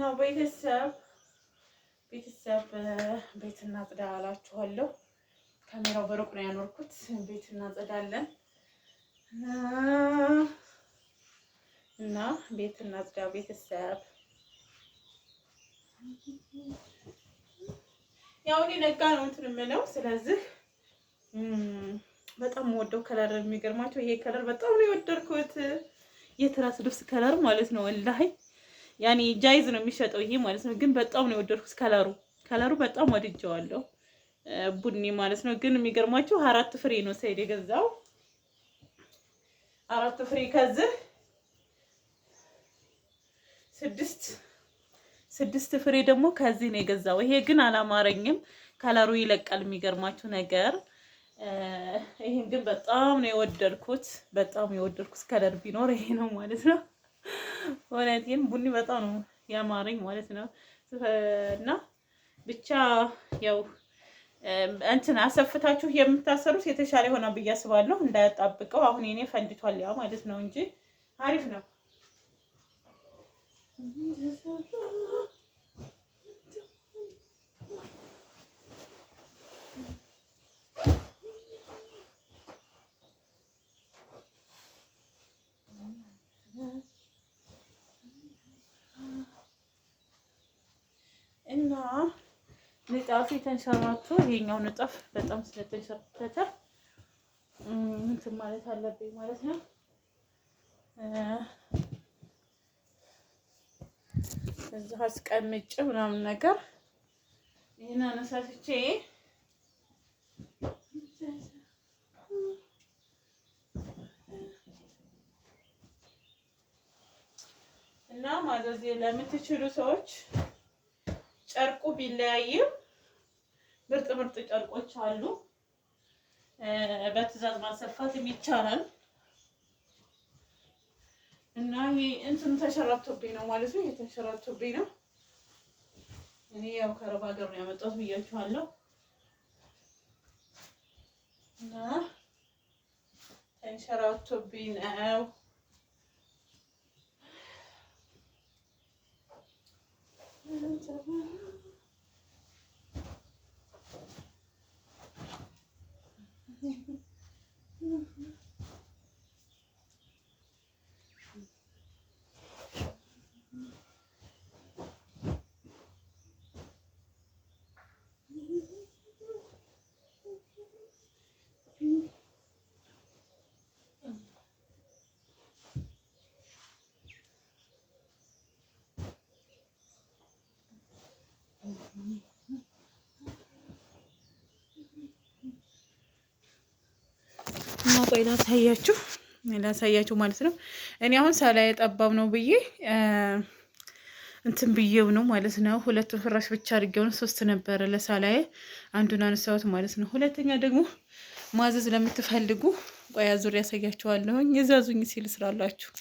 ነው ቤተሰብ ቤተሰብ ቤት እናጽዳ አላችኋለሁ። ካሜራው በሩቅ ነው ያኖርኩት። ቤት እናጽዳለን እና ቤት እናጽዳ ቤተሰብ። ያው እኔ ነጋ ነው እንትን የምለው ስለዚህ በጣም ወደው ከለር የሚገርማቸው ይሄ ከለር በጣም ነው የወደድኩት። የትራስ ልብስ ከለር ማለት ነው ወላሂ ያኔ ጃይዝ ነው የሚሸጠው ይሄ ማለት ነው። ግን በጣም ነው የወደድኩት ከለሩ ከለሩ በጣም ወድጀዋለሁ። ቡኒ ማለት ነው። ግን የሚገርማችሁ አራት ፍሬ ነው ሰይድ የገዛው አራት ፍሬ ከዚህ ስድስት ስድስት ፍሬ ደግሞ ከዚህ ነው የገዛው። ይሄ ግን አላማረኝም። ከለሩ ይለቃል። የሚገርማችሁ ነገር ይሄን ግን በጣም ነው የወደድኩት። በጣም የወደድኩት ከለር ቢኖር ይሄ ነው ማለት ነው። እውነቴን ቡኒ በጣም ነው ያማረኝ ማለት ነው። እና ብቻ ያው እንትን አሰፍታችሁ የምታሰሩት የተሻለ ሆና ብዬ አስባለሁ። እንዳያጣብቀው አሁን የኔ ፈንድቷል ያው ማለት ነው እንጂ አሪፍ ነው። እና ንጣፉ የተንሸራቶ የኛው ንጣፍ በጣም ስለተንሸራተተ እንትን ማለት አለብኝ ማለት ነው። እዛ አስቀምጬ ምናምን ነገር ይህን አነሳስቼ እና ማዘዝ ለምትችሉ ሰዎች ጨርቁ ቢለያይም ምርጥ ምርጥ ጨርቆች አሉ። በትዕዛዝ ማሰፋት ይቻላል እና ይሄ እንትኑ ተሸራቶብኝ ነው ማለት ነው። የተሸራቶብኝ ነው። እኔ ያው ከረባ ሀገር ነው ያመጣሁት ብያችኋለሁ። እና ተንሸራቶብኝ ነው Thank እና ቆይ ላሳያችሁ ላሳያችሁ ማለት ነው። እኔ አሁን ሳላይ ጠባብ ነው ብዬ እንትን ብዬው ነው ማለት ነው። ሁለቱን ፍራሽ ብቻ አድርጌውን ሶስት ነበረ ለሳላይ አንዱን አነሳሁት ማለት ነው። ሁለተኛ ደግሞ ማዘዝ ለምትፈልጉ ቆያ አዙር ያሳያችኋለሁኝ። የዛዙኝ ሲል ስራላችሁ